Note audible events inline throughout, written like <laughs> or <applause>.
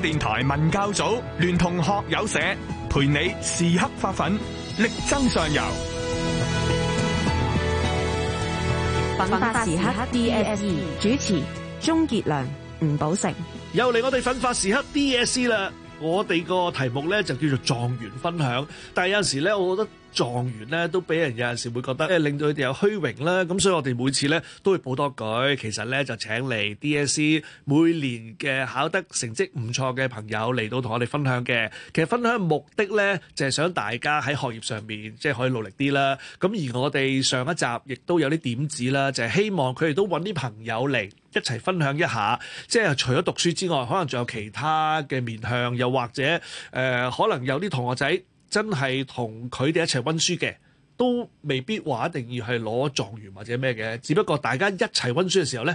電台文教組聯同學友社陪你時刻發奮，力爭上游。奮發時刻 DSE 主持鍾杰良、吳寶成，又嚟我哋奮發時刻 DSE 啦。我哋個題目咧就叫做狀元分享，但係有陣時咧，我覺得。狀元咧都俾人有陣時會覺得，即、呃、令到佢哋有虛榮啦。咁所以我哋每次咧都會補多句，其實咧就請嚟 DSE 每年嘅考得成績唔錯嘅朋友嚟到同我哋分享嘅。其實分享嘅目的咧就係、是、想大家喺學業上面即係、就是、可以努力啲啦。咁而我哋上一集亦都有啲點子啦，就係、是、希望佢哋都揾啲朋友嚟一齊分享一下，即、就、係、是、除咗讀書之外，可能仲有其他嘅面向，又或者誒、呃、可能有啲同學仔。真係同佢哋一齊溫書嘅，都未必話一定要係攞狀元或者咩嘅。只不過大家一齊溫書嘅時候咧，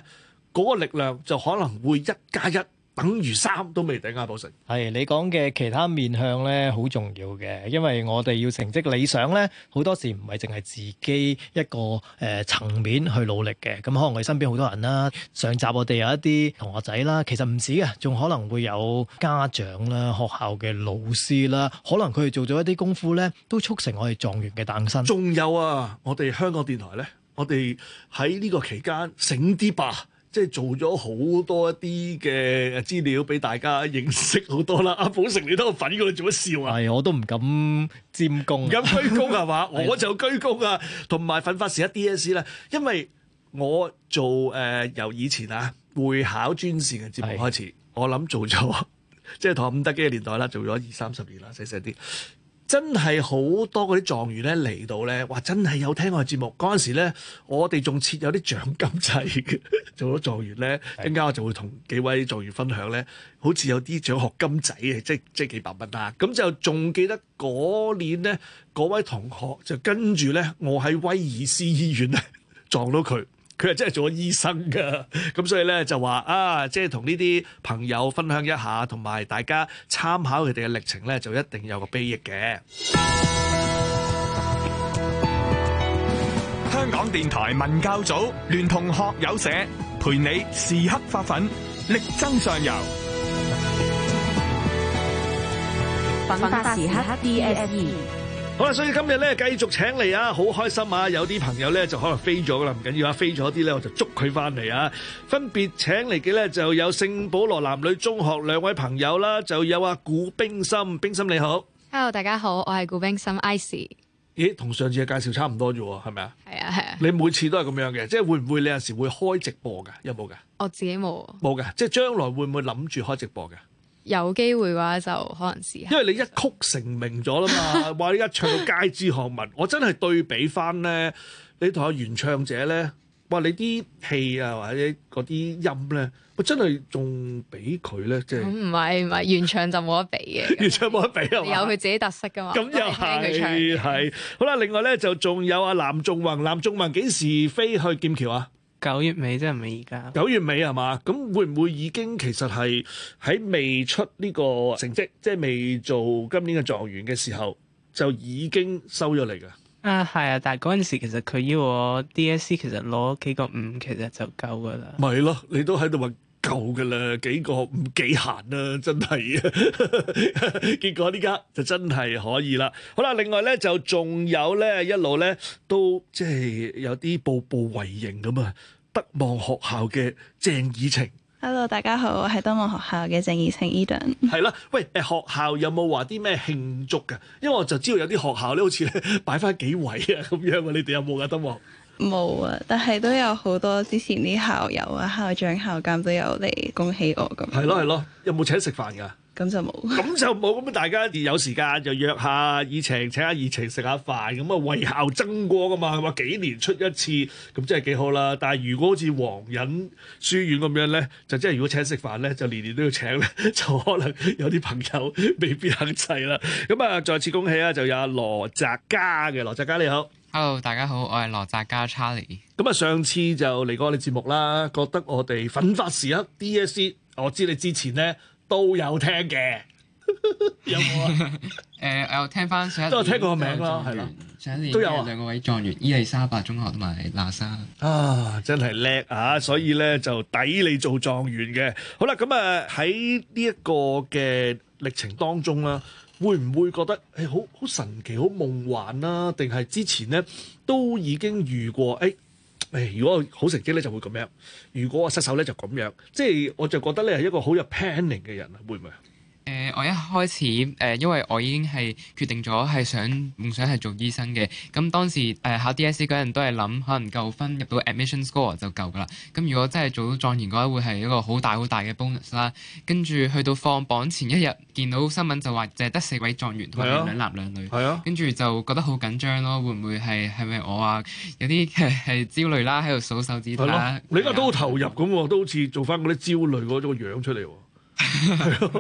嗰個力量就可能會一加一。等於三都未頂啊！寶成，係你講嘅其他面向咧，好重要嘅，因為我哋要成績理想咧，好多時唔係淨係自己一個誒層、呃、面去努力嘅。咁可能我哋身邊好多人啦，上集我哋有一啲同學仔啦，其實唔止嘅，仲可能會有家長啦、學校嘅老師啦，可能佢哋做咗一啲功夫咧，都促成我哋狀元嘅誕生。仲有啊，我哋香港電台咧，我哋喺呢個期間醒啲吧。即係做咗好多一啲嘅資料俾大家認識好多啦！阿、啊、寶成，你都喺度粉我做乜笑啊？係，我都唔敢沾功，唔敢居功係嘛？ <laughs> 的我就居功啊！同埋粉發時一 DSE 咧，DS，因為我做誒、呃、由以前啊會考專線嘅節目開始，的我諗做咗即係同五德基嘅年代啦，做咗二三十年啦，細細啲。真係好多嗰啲狀元咧嚟到咧，話真係有聽我嘅節目嗰陣時咧，我哋仲設有啲獎金仔嘅， <laughs> 做咗狀元咧，陣間我就會同幾位狀元分享咧，好似有啲獎學金仔嘅，即即幾百蚊啦。咁就仲記得嗰年咧，嗰位同學就跟住咧，我喺威爾斯醫院咧撞到佢。佢係真係做咗醫生噶，咁所以咧就話啊，即係同呢啲朋友分享一下，同埋大家參考佢哋嘅歷程咧，就一定有個裨益嘅。香港電台文教組聯同學友社，陪你時刻發奮，力爭上游。奮發時刻 DSE。好啦，所以今日咧繼續請嚟啊，好開心啊！有啲朋友咧就可能飛咗噶啦，唔緊要啊，飛咗啲咧我就捉佢翻嚟啊！分別請嚟嘅咧就有聖保羅男女中學兩位朋友啦，就有阿古冰心，冰心你好，Hello，大家好，我係古冰心，Icy，咦，同上次嘅介紹差唔多啫喎，係咪啊？係啊係啊，你每次都係咁樣嘅，即係會唔會你有時會開直播噶？有冇噶？我自己冇，冇嘅冇噶，即係將來會唔會諗住開直播噶？有機會嘅話就可能試下。因為你一曲成名咗啦嘛， <laughs> 你一唱到街知巷聞，我真係對比翻咧，你同阿原唱者咧，哇！你啲戲啊，或者嗰啲音咧，我真係仲比佢咧，即、就、係、是。唔係唔係，原唱就冇得比嘅， <laughs> 原唱冇得比啊！有佢自己特色㗎嘛。咁、嗯、又係，係好啦。另外咧就仲有阿、啊、藍仲宏，藍仲宏幾時飛去劍橋啊？九月尾即係唔係而家？九月尾係嘛？咁會唔會已經其實係喺未出呢個成績，即係未做今年嘅狀元嘅時候就已經收咗嚟噶？啊，係啊！但係嗰陣時其實佢要我 DSE，其實攞幾個五其實就夠噶啦。咪咯，你都喺度話。夠噶啦，幾個唔幾閒啦，啊，真係啊！ <laughs> 結果呢家就真係可以啦。好啦，另外咧就仲有咧一路咧都即係、就是、有啲步步為營咁啊。德望學校嘅鄭苡晴，Hello，大家好，我係德望學校嘅鄭苡晴 Eden。係啦， <laughs> 喂，誒，學校有冇話啲咩慶祝噶？因為我就知道有啲學校咧，好似咧擺翻幾圍啊咁樣啊，你哋有冇啊，德望？冇啊！但係都有好多之前啲校友啊、校長、校監都有嚟恭喜我咁。係咯係咯，有冇請食飯噶？咁 <noise> <noise> 就冇。咁就冇。咁大家有時間就約下，以情請下以情食下飯咁啊，為校爭光噶嘛！話幾年出一次，咁真係幾好啦！但係如果好似皇仁書院咁樣咧，就即係如果請食飯咧，就年年都要請咧， <laughs> 就可能有啲朋友未必肯制啦。咁啊，再次恭喜啊！就有羅澤嘉嘅，羅澤嘉你好。Hello，大家好，我係羅澤嘉 Charlie。咁啊，上次就嚟過我哋節目啦，覺得我哋奮發時刻 DSE，我知你之前咧都有聽嘅， <laughs> 有冇啊？有？誒、 <laughs> 呃，有聽翻上一年都有啊。都係聽個名咯，係啦。上一年，上一年都有啊。兩個位狀元，伊利沙伯中學同埋喇沙。啊，真係叻啊！所以咧就抵你做狀元嘅。好啦，咁啊喺呢一個嘅歷程當中啦。會唔會覺得誒好好神奇好夢幻啊？定係之前咧都已經遇過誒誒、欸欸，如果我好成績咧就會咁樣，如果我失手咧就咁樣，即係我就覺得你係一個好有 planning 嘅人啊，會唔會啊？誒、呃，我一開始誒、呃，因為我已經係決定咗係想夢想係做醫生嘅，咁當時誒、呃、考 DSE 嗰陣都係諗可能夠分入到 admission score 就夠噶啦，咁如果真係做到狀元嗰一刻會係一個好大好大嘅 bonus 啦，跟住去到放榜前一日見到新聞就話淨係得四位狀元同埋兩男兩女，係咯、啊，啊、跟住就覺得好緊張咯，會唔會係係咪我啊？有啲係焦慮啦，喺度數手指啦、啊，你而家都好投入咁，都好似做翻嗰啲焦慮嗰種樣出嚟。係咯，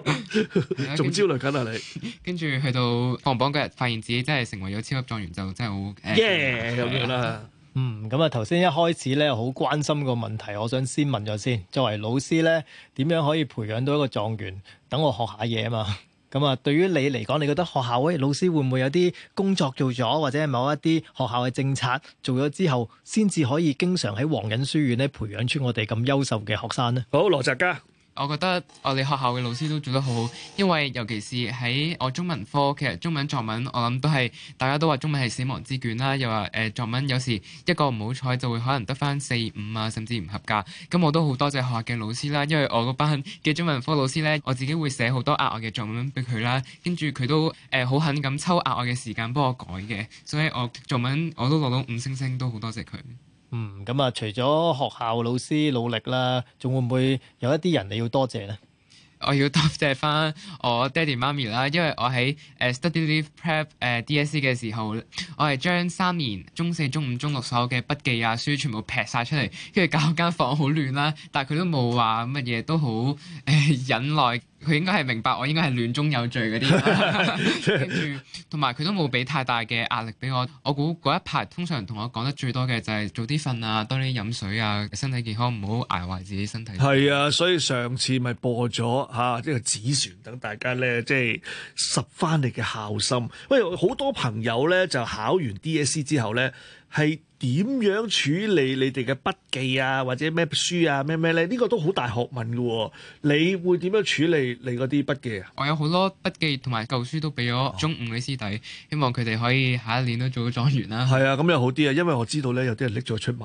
仲焦慮緊啊你。跟住去到放榜嗰日，發現自己真係成為咗超級狀元，就真係好耶咁樣啦。嗯，咁啊頭先一開始咧，好關心個問題，我想先問咗先。作為老師咧，點樣可以培養到一個狀元？等我學下嘢啊嘛。咁啊，對於你嚟講，你覺得學校、老師會唔會有啲工作做咗，或者係某一啲學校嘅政策做咗之後，先至可以經常喺皇仁書院咧培養出我哋咁優秀嘅學生呢？好，羅澤嘉。我覺得我哋學校嘅老師都做得好好，因為尤其是喺我中文科，其實中文作文我諗都係大家都話中文係死亡之卷啦，又話誒、呃、作文有時一個唔好彩就會可能得返四五啊，甚至唔合格。咁、嗯、我都好多謝學校嘅老師啦，因為我嗰班嘅中文科老師咧，我自己會寫好多額外嘅作文俾佢啦，跟住佢都誒好肯咁抽額外嘅時間幫我改嘅，所以我作文我都攞到五星星，都好多謝佢。嗯，咁啊，除咗學校老師努力啦，仲會唔會有一啲人你要多謝咧？我要多謝翻我爹哋媽咪啦，因為我喺誒、uh, study leave prep 誒、uh, DSE 嘅時候，我係將三年中四、中五、中六所有嘅筆記啊書全部劈晒出嚟，跟住搞間房好亂啦，但係佢都冇話乜嘢，都好誒忍耐。佢應該係明白我應該係亂中有序嗰啲，跟住同埋佢都冇俾太大嘅壓力俾我。我估嗰一排通常同我講得最多嘅就係早啲瞓啊，多啲飲水啊，身體健康唔好捱壞自己身體。係 <laughs> <noise> 啊，所以上次咪播咗嚇，呢個子船等大家咧，即係拾翻嚟嘅孝心。喂，好多朋友咧就考完 DSE 之後咧係。點樣處理你哋嘅筆記啊，或者咩書啊，咩咩咧？呢、這個都好大學問嘅，你會點樣處理你嗰啲筆記啊？我有好多筆記同埋舊書都俾咗中五嘅師弟，哦、希望佢哋可以下一年都做咗狀元啦。係啊，咁又、啊、好啲啊，因為我知道咧有啲人拎咗出賣。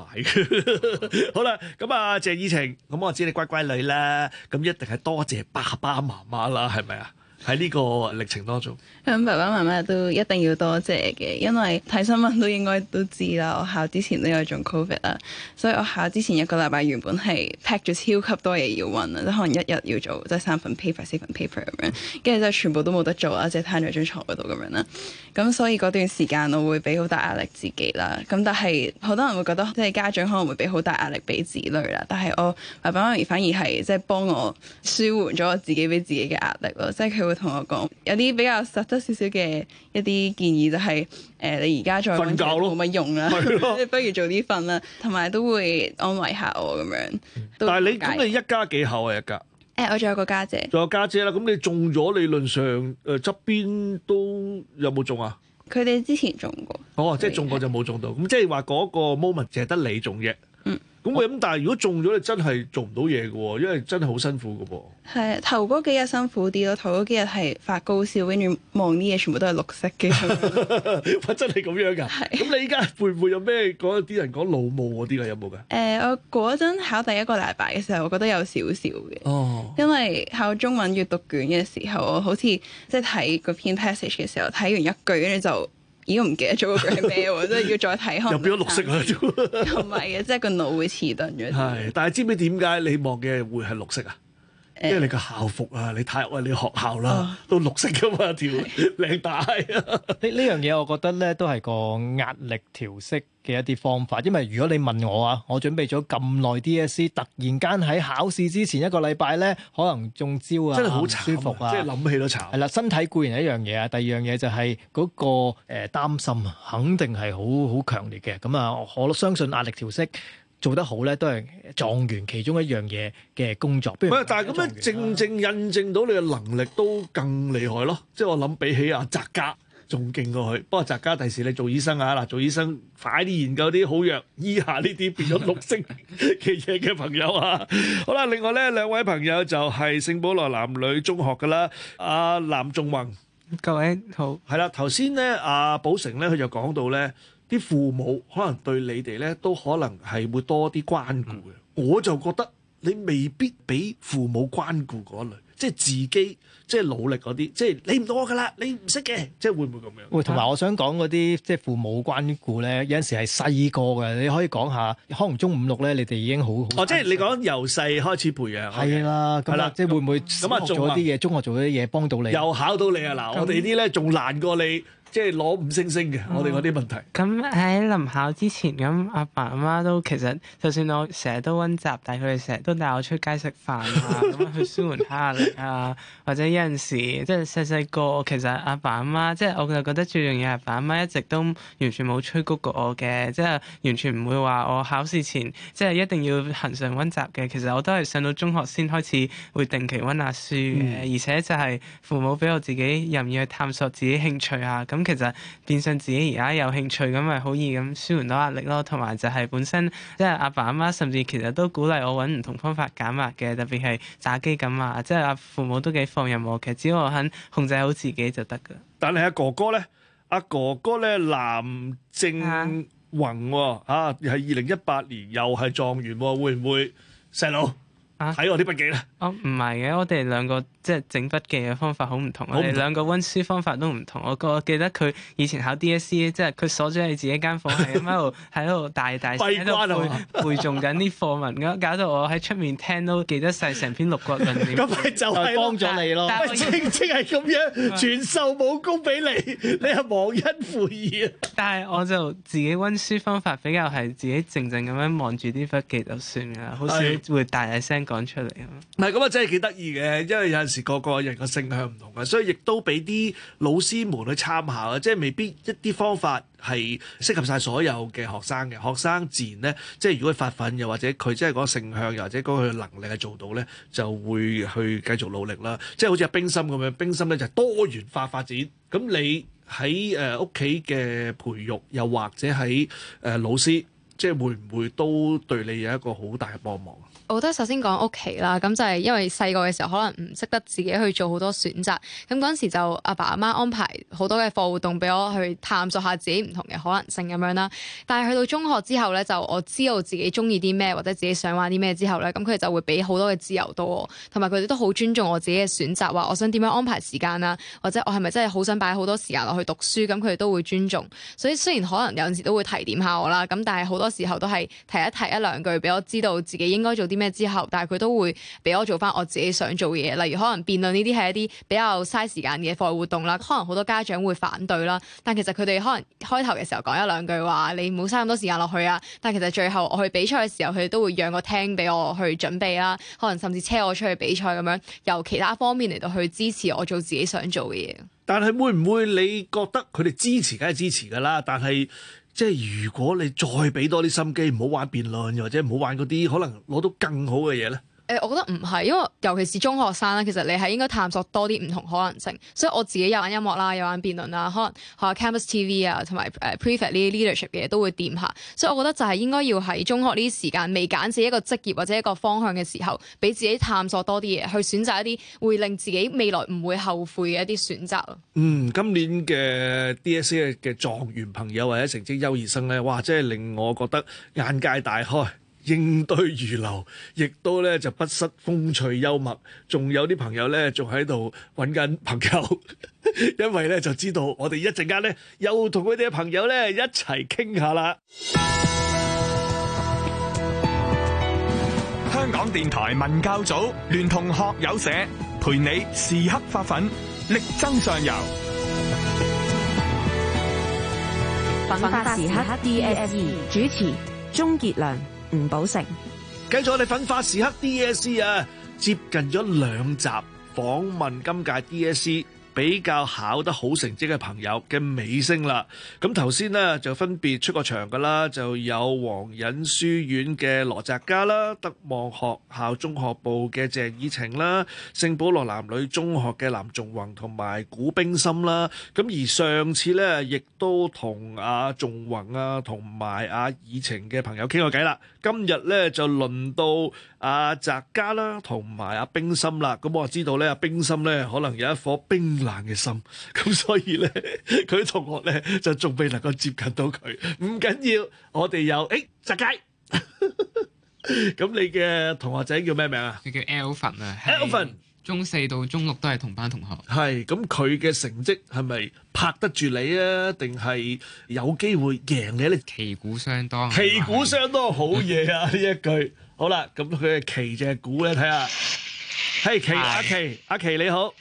<laughs> <laughs> 好啦，咁啊，鄭苡晴，咁我知你乖乖女啦，咁一定係多謝，謝爸爸媽媽啦，係咪啊？喺呢個歷程當中，咁、嗯、爸爸媽媽都一定要多謝嘅，因為睇新聞都應該都知啦。我考之前都有中 covid 啦，所以我考之前一個禮拜原本係 pack 咗超級多嘢要揾啊，即可能一日要做即係三份 paper 四份 paper 咁樣，跟住就全部都冇得做啊，即係攤咗張床嗰度咁樣啦。咁所以嗰段時間我會俾好大壓力自己啦。咁但係好多人會覺得即係家長可能會俾好大壓力俾子女啦，但係我爸爸媽咪反而係即係幫我舒緩咗我自己俾自己嘅壓力咯，即係佢會。同我講有啲比較實質少少嘅一啲建議，就係誒，你而家再瞓覺就冇乜用啦，不如早啲瞓啦。同埋都會安慰下我咁樣。但係你咁你一家幾口啊？一家誒，我仲有個家姐，仲有家姐啦。咁你中咗理論上誒，側邊都有冇中啊？佢哋之前中過，哦，即係中過就冇中到。咁即係話嗰個 moment 淨係得你中啫。嗯。咁我諗，但係如果中咗你真係做唔到嘢㗎喎，因為真係好辛苦㗎噃。係啊，頭嗰幾日辛苦啲咯，頭嗰幾日係發高燒，跟住望啲嘢全部都係綠色嘅。哇 <laughs> 的， <laughs> 真係咁樣㗎？咁的你依家會唔會有咩講？啲人講腦霧嗰啲啊，有冇㗎？誒，我嗰陣考第一個禮拜嘅時候，我覺得有少少嘅。哦。因為考中文閱讀卷嘅時候，我好似即係睇嗰篇 passage 嘅時候，睇完一句跟住就。我唔記得咗嗰句咩？喎，真係要再睇下。 <laughs> 又變咗綠色啊！又唔係嘅，即係個腦會遲鈍咗。係， <laughs> 但係知唔知點解你望嘅會係綠色啊？因為你個校服啊，你太愛你學校啦、啊啊、都綠色噶嘛，條領帶啊！呢呢樣嘢我覺得咧都係個壓力調適嘅一啲方法。因為如果你問我啊，我準備咗咁耐 DSE，突然間喺考試之前一個禮拜咧，可能中招啊，即係好舒服啊，即係諗起都慘、啊。係啦，身體固然一樣嘢啊，第二樣嘢就係嗰、嗰個誒擔、呃、心，肯定係好好強烈嘅。咁啊，我我相信壓力調適。做得好咧，都係狀元其中一樣嘢嘅工作。唔係是，但係咁樣正正印證到你嘅能力都更厲害咯。 <laughs> 即係我諗，比起阿、啊、澤嘉仲勁過佢。不過、啊、澤嘉第時你做醫生啊，嗱做醫生快啲研究啲好藥，醫下呢啲變咗綠色嘅嘢嘅朋友啊。 <laughs> 好啦，另外呢兩位朋友就係聖保羅男女中學噶啦、啊，阿、啊、藍仲宏，各位好，係啦。頭先咧阿寶成咧佢就講到咧。啲父母可能對你哋咧都可能係會多啲關顧嘅，我就覺得你未必俾父母關顧嗰類，即係自己即係努力嗰啲，即係你唔多我㗎喇，你唔識嘅，即係會唔會咁樣？會同埋我想講嗰啲即係父母關顧咧，有陣時係細個嘅，你可以講下，可能中五六咧，你哋已經好好。哦，即係你講由細開始培養。係啦，咁啊，即係會唔會學咗啲嘢？中學做啲嘢幫到你？又考到你啊！嗱，我哋啲咧仲難過你。即係攞五星星嘅，嗯、我哋嗰啲問題。咁喺、嗯、臨考之前，咁阿爸阿媽，媽都其實，就算我成日都温習，但係佢哋成日都帶我出街食飯啊，咁樣、 <laughs> 啊、去舒緩下壓力啊。 <laughs> 或者有陣時，即係細細個，其實阿爸阿媽，媽，即、就、係、是、我就覺得最重要係阿爸阿媽，媽一直都完全冇催谷過我嘅，即、就、係、是、完全唔會話我考試前即係、就是、一定要恆常温習嘅。其實我都係上到中學先開始會定期温下書嘅，嗯、而且就係父母俾我自己任意去探索自己興趣啊，咁。其實變相自己而家有興趣咁，咪好易咁舒緩到壓力咯。同埋就係本身，即係阿爸阿媽，甚至其實都鼓勵我揾唔同方法減壓嘅，特別係打機咁啊。即係阿父母都幾放任我，其實只要我肯控制好自己就得噶。但係阿、啊、哥哥咧，阿、啊、哥哥咧，藍仲宏、哦、啊，係二零一八年又係狀元、哦，會唔會細佬？弟弟睇我啲筆記啦！哦，唔係嘅，我哋兩個即係整筆記嘅方法好唔同，我哋兩個温書方法都唔同。我個記得佢以前考 DSE，即係佢鎖咗喺自己間房，喺度喺度大大聲背背背仲緊啲課文，咁搞到我喺出面聽都記得晒成篇六國論。咁咪就係幫咗你咯，即係咁樣傳授武功俾你，你係忘恩負義啊！但係我就自己温書方法比較係自己靜靜咁樣望住啲筆記就算噶啦，好少會大大聲。出嚟啊！唔係咁啊，真係幾得意嘅，因為有陣時，個個人嘅性向唔同啊，所以亦都俾啲老師們去參考啊，即係未必一啲方法係適合晒所有嘅學生嘅。學生自然咧，即係如果發奮，又或者佢即係嗰個性向，又或者嗰個能力係做到咧，就會去繼續努力啦。即係好似冰心咁樣，冰心咧就多元化發展。咁你喺誒屋企嘅培育，又或者喺誒老師，即係會唔會都對你有一個好大嘅幫忙？我覺得首先講屋企啦，咁就係因為細個嘅時候可能唔識得自己去做好多選擇，咁嗰陣時就阿爸阿媽，媽安排好多嘅課活動俾我去探索下自己唔同嘅可能性咁樣啦。但係去到中學之後咧，就我知道自己中意啲咩或者自己想玩啲咩之後咧，咁佢哋就會俾好多嘅自由度，哦，同埋佢哋都好尊重我自己嘅選擇，話我想點樣安排時間啦、啊，或者我係咪真係好想擺好多時間落去讀書，咁佢哋都會尊重。所以雖然可能有陣時都會提點下我啦，咁但係好多時候都係提一提一兩句俾我知道自己應該做啲咩之後，但係佢都會俾我做翻我自己想做嘅嘢，例如可能辯論呢啲係一啲比較嘥時間嘅課外活動啦，可能好多家長會反對啦，但其實佢哋可能開頭嘅時候講一兩句話，你唔好嘥咁多時間落去啊，但其實最後我去比賽嘅時候，佢哋都會讓個廳俾我去準備啦，可能甚至車我出去比賽咁樣，由其他方面嚟到去支持我做自己想做嘅嘢。但係會唔會你覺得佢哋支持，梗係支持噶啦？但係。即係如果你再畀多啲心機，唔好玩辯論，又或者唔好玩嗰啲，可能攞到更好嘅嘢咧？我覺得唔係，因為尤其是中學生啦，其實你係應該探索多啲唔同可能性。所以我自己有玩音樂啦，有玩辯論啦，可能學下 Campus TV 啊，同埋誒 Prefect 呢啲 leadership 嘅嘢都會掂下。所以我覺得就係應該要喺中學呢啲時間未揀自己一個職業或者一個方向嘅時候，俾自己探索多啲嘢，去選擇一啲會令自己未來唔會後悔嘅一啲選擇咯。嗯，今年嘅 DSE 嘅嘅狀元朋友或者成績優異生咧，哇！真係令我覺得眼界大開。應對如流，亦都咧就不失風趣幽默。仲有啲朋友咧，仲喺度揾緊朋友，因為咧就知道我哋一陣間咧又同佢哋嘅朋友咧一齊傾下啦。香港電台文教組聯同學友社，陪你時刻發奮，力爭上游。奮發時刻 DSE 主持鍾傑良。吳寶成，繼續我哋奮發時刻 DSE 啊，接近咗兩集訪問今屆 DSE。比較考得好成績嘅朋友嘅尾聲啦。咁頭先咧就分別出過場噶啦，就有皇仁書院嘅羅澤嘉啦，德望學校中學部嘅鄭苡晴啦，聖保羅男女中學嘅藍仲宏同埋古冰心啦。咁而上次咧亦都同阿仲宏啊同埋阿苡晴嘅朋友傾過偈啦。今日咧就輪到阿澤嘉啦同埋阿冰心啦。咁我啊知道咧，阿冰心咧可能有一顆冰。冷嘅心，咁所以咧，佢啲同學咧就仲未能夠接近到佢。唔緊要，我哋有誒澤嘉。咁你嘅同學仔叫咩名啊？佢叫 Elvin 啊。Elvin 中四到中六都係同班同學。係，咁佢嘅成績係咪拍得住你啊？定係有機會贏你咧？旗鼓相當，旗鼓相當，好嘢啊！呢一句。好啦，咁佢嘅旗就係鼓咧，睇下。嘿，旗阿旗阿旗你好。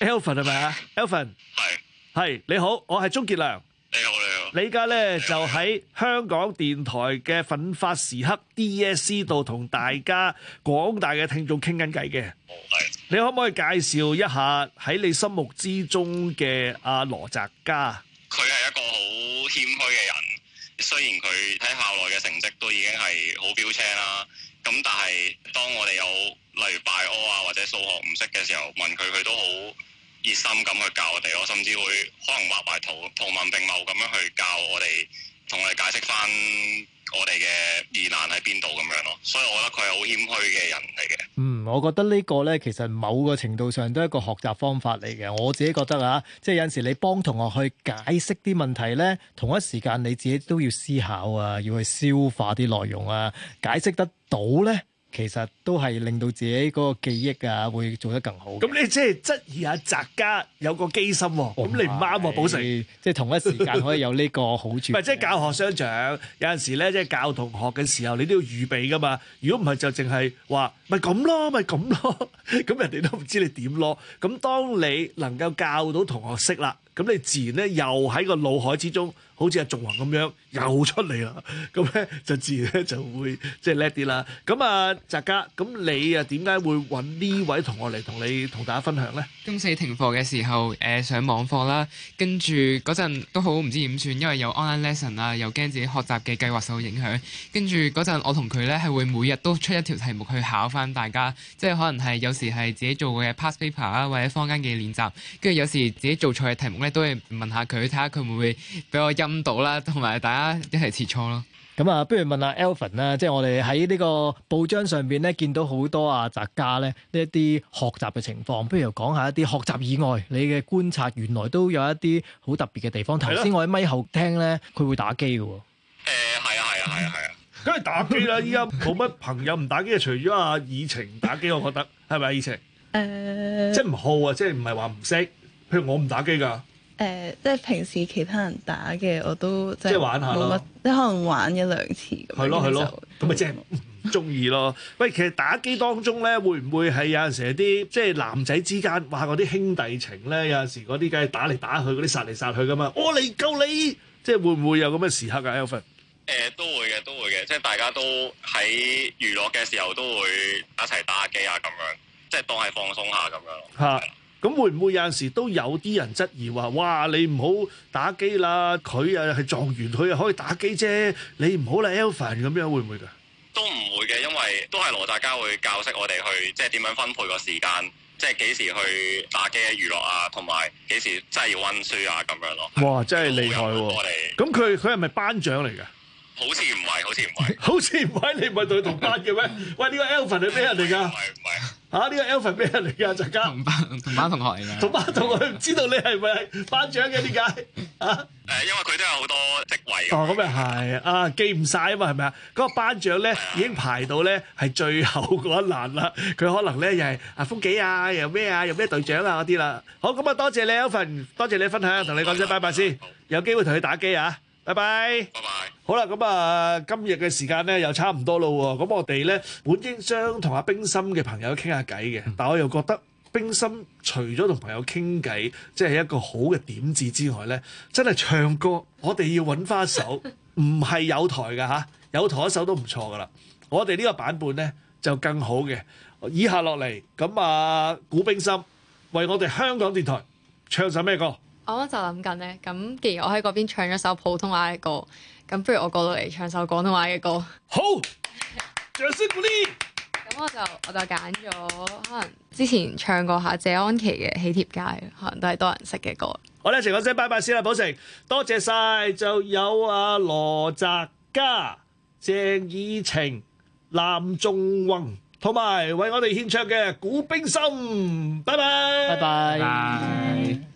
Alvin 係咪啊？Alvin 係，係，你好，我係鍾杰良。你好你好，你而家咧就喺香港電台嘅《奮發時刻》DSE 度同大家廣大嘅聽眾傾緊偈嘅。係是，你可唔可以介紹一下喺你心目之中嘅阿羅澤嘉？佢係一個好謙虛嘅人，雖然佢喺校內嘅成績都已經係好標青啦。咁但係當我哋有例如 Bio 啊或者數學唔識嘅時候，問佢，佢都好熱心咁去教我哋，我甚至會可能畫埋圖圖文並茂咁樣去教我哋同我哋解釋返。我哋嘅疑難喺邊度咁樣咯，所以我覺得佢係好謙虛嘅人嚟嘅。嗯，我覺得呢個咧，其實某個程度上都係一個學習方法嚟嘅。我自己覺得啊，即係有陣時你幫同學去解釋啲問題咧，同一時間你自己都要思考啊，要去消化啲內容啊，解釋得到咧。其實都係令到自己嗰個記憶啊，會做得更好。咁你即係質疑下澤嘉有個機心喎、啊？咁、哦、你唔啱喎，保誠。即係同一時間可以有呢個好處。 <laughs> 唔係，即係教學相長。 <laughs> 有陣時咧，即係教同學嘅時候，你都要預備噶嘛。如果唔係，就淨係話，咪咁咯，咪咁咯。咁人哋都唔知你點咯。咁當你能夠教到同學識啦。咁你自然咧又喺個腦海之中，好似阿縱橫咁樣又出嚟啦。咁咧就自然咧就會即係叻啲啦。咁啊，澤嘉，咁你啊，點解會揾呢位同學嚟同你同大家分享咧？中四停課嘅時候，誒、呃、上網課啦，跟住陣都好唔知點算，因為有 online lesson 啊，又驚自己學習嘅計劃受到影響，跟住陣我同佢咧係會每日都出一條題目去考翻大家，即係可能係有時係自己做過嘅 past paper 啊，或者坊間嘅練習，跟住有時自己做錯嘅題目咧。都係問下佢，睇下佢會唔會俾我陰到啦，同埋大家一齊切磋咯。咁啊，不如問下 Alvin 啦，即係我哋喺呢個報章上邊咧，見到好多啊，澤嘉咧呢一啲學習嘅情況。不如講下一啲學習以外，你嘅觀察原來都有一啲好特別嘅地方。頭先的我喺咪後聽咧，佢會打機嘅喎。誒、欸，係 <laughs> 啊，係啊，係啊，係啊，梗係打機啦！依家冇乜朋友唔打機，除咗阿苡晴打機，我覺得係咪苡晴？誒，即係唔好啊，即係唔係話唔識？譬如我唔打機㗎。誒、呃，即係平時其他人打嘅我都即係冇乜，即可能玩一兩次咁樣就，咁咪即係中意咯。喂， <laughs> 其實打機當中咧，會唔會係有陣時啲即係男仔之間，話嗰啲兄弟情咧，有陣時嗰啲梗係打嚟打去，嗰啲殺嚟殺去噶嘛。我、oh，嚟救你，即係會唔會有咁嘅時刻啊？Alfred，誒都會嘅，都會嘅，即係大家都喺娛樂嘅時候都會一齊打下機啊，咁樣即係當係放鬆下咁樣咯。嚇！ <laughs> 咁會唔會有陣時都有啲人質疑話，哇！你唔好打機啦，佢啊係狀元，佢又可以打機啫，你唔好啦，Elvin，咁樣會唔會㗎？都唔會嘅，因為都係羅澤嘉會教識我哋去即係點樣分配個時間，即係幾時去打機啊娛樂啊，同埋幾時真係要溫書啊咁樣咯。哇！真係厲害喎！我哋，咁佢佢係咪班長嚟㗎？好似唔係，好似唔係，好似唔係，你唔係同佢同班嘅咩？喂，呢個 Elvin 係咩人嚟噶？唔係唔係，啊呢個 Elvin 係咩人嚟噶？澤嘉同班同班同學嚟噶，同班同學唔知道你係咪係班長嘅？點解啊？誒，因為佢都有好多職位嘅。哦，咁又係啊，記唔晒啊嘛，係咪啊？嗰個班長咧已經排到咧係最後嗰一欄啦，佢可能咧又係啊副幾啊，又咩啊，又咩隊長啊嗰啲啦。好，咁啊多謝你 Elvin，多謝你分享，同你講聲拜拜先，有機會同佢打機啊。拜拜，拜拜。好啦，咁啊，今日嘅時間咧又差唔多咯喎，咁我哋咧本應將同阿冰心嘅朋友傾下偈嘅，嗯、但我又覺得冰心除咗同朋友傾偈，即係一個好嘅點子之外咧，真係唱歌，我哋要揾翻一首唔係有台嘅吓、啊，有台一首都唔錯嘅啦，我哋呢個版本咧就更好嘅。以下落嚟咁啊，古冰心為我哋香港電台唱首咩歌？我啱就諗緊呢。咁既然我喺嗰邊唱咗首普通話嘅歌，咁不如我過到嚟唱首廣東話嘅歌。好掌聲鼓勵咁 <laughs> <laughs> 我就我就揀咗可能之前唱過下謝安琪嘅《喜帖街》，可能都係多人識嘅歌。好啦，我哋講聲拜拜，先啦，寶成，多謝晒，就有啊羅澤嘉、鄭苡晴、藍仲宏同埋為我哋獻唱嘅古冰心，拜拜，拜拜。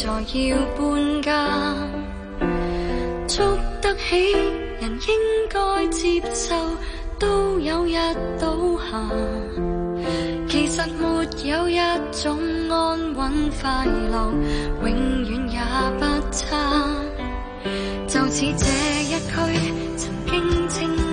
在要搬家，捉得起人應該接受，都有日倒下。其實沒有一種安穩快樂永遠也不差。就似這一區曾經稱。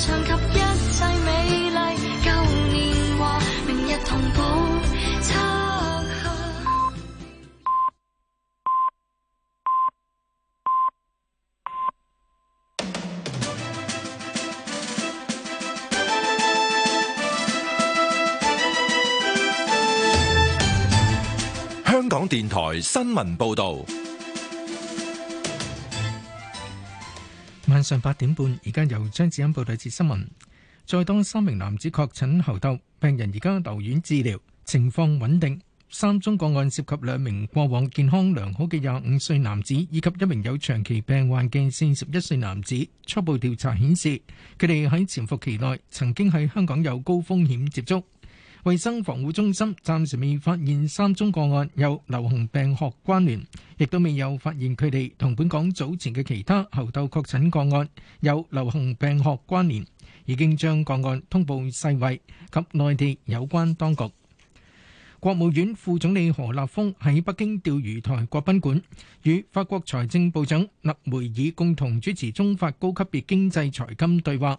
唱給一切美麗舊年華，明日同香港電台新聞報道。晚上八點半，而家由張子欣報第一節新聞。再當三名男子確診猴痘，病人而家留院治療，情況穩定。三宗個案涉及兩名過往健康良好嘅廿五歲男子，以及一名有長期病患嘅四十一歲男子。初步調查顯示，佢哋喺潛伏期內曾經喺香港有高風險接觸。衞生防護中心暫時未發現三宗個案有流行病學關聯，亦都未有發現佢哋同本港早前嘅其他猴痘確診個案有流行病學關聯，已經將個案通報世衞及內地有關當局。國務院副總理何立峰喺北京釣魚台國賓館與法國財政部長勒梅爾共同主持中法高級別經濟財金對話。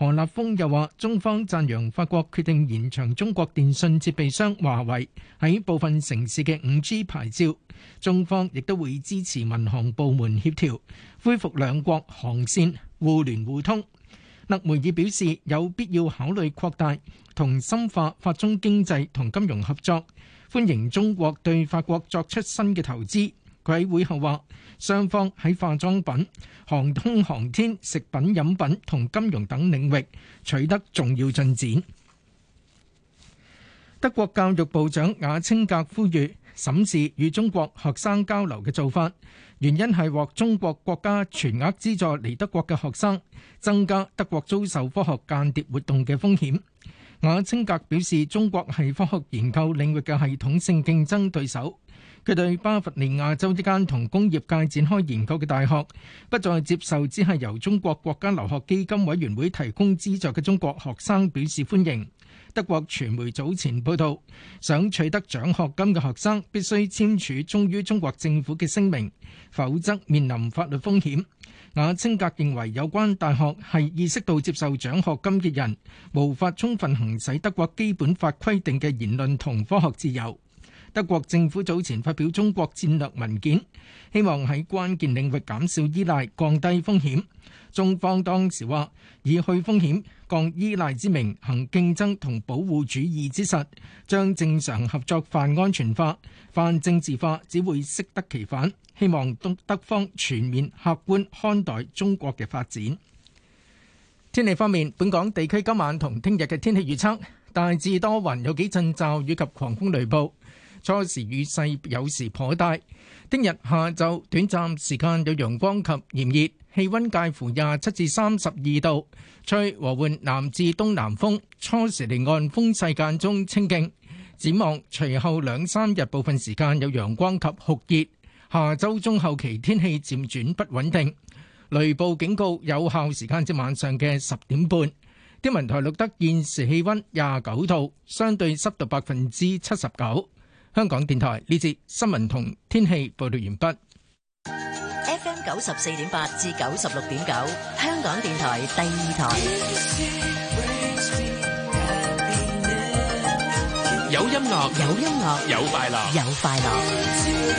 何立峰又話：中方讚揚法國決定延長中國電信設備商華為喺部分城市嘅五 G 牌照，中方亦都會支持民航部門協調恢復兩國航線互聯互通。勒梅爾表示有必要考慮擴大同深化法中經濟同金融合作，歡迎中國對法國作出新嘅投資。佢喺會後話，雙方喺化妝品、航空航天、食品飲品同金融等領域取得重要進展。德國教育部長雅青格呼籲審視與中國學生交流嘅做法，原因係獲中國國家全額資助嚟德國嘅學生，增加德國遭受科學間諜活動嘅風險。雅青格表示，中國係科學研究領域嘅系統性競爭對手。佢對巴伐利亞州一間同工業界展開研究嘅大學不再接受只係由中國國家留學基金委員會提供資助嘅中國學生表示歡迎。德國傳媒早前報道，想取得獎學金嘅學生必須簽署忠於中國政府嘅聲明，否則面臨法律風險。雅青格認為有關大學係意識到接受獎學金嘅人無法充分行使德國基本法規定嘅言論同科學自由。德國政府早前發表中國戰略文件，希望喺關鍵領域減少依賴，降低風險。中方當時話，以去風險、降依賴之名，行競爭同保護主義之實，將正常合作泛安全化、泛政治化，只會適得其反。希望德德方全面客觀看待中國嘅發展。天氣方面，本港地區今晚同聽日嘅天氣預測大致多雲，有幾陣驟雨及狂風雷暴。初時雨勢有時頗大，聽日下晝短暫時間有陽光及炎熱，氣溫介乎廿七至三十二度，吹和緩南至東南風。初時離岸風勢間中清勁。展望隨後兩三日部分時間有陽光及酷熱，下周中後期天氣漸轉不穩定，雷暴警告有效時間至晚上嘅十點半。天文台錄得現時氣溫廿九度，相對濕度百分之七十九。香港電台呢節新聞同天氣報道完畢。FM 九十四點八至九十六點九，香港電台第二台。有音樂，有音樂，有快樂，有快樂。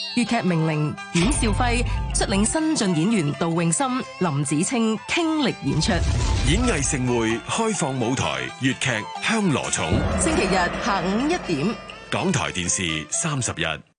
粵劇名伶阮兆輝率領新晉演員杜詠心、林子清傾力演出，演藝盛會開放舞台，粵劇香羅塚。星期日下午一點，港台電視三十日。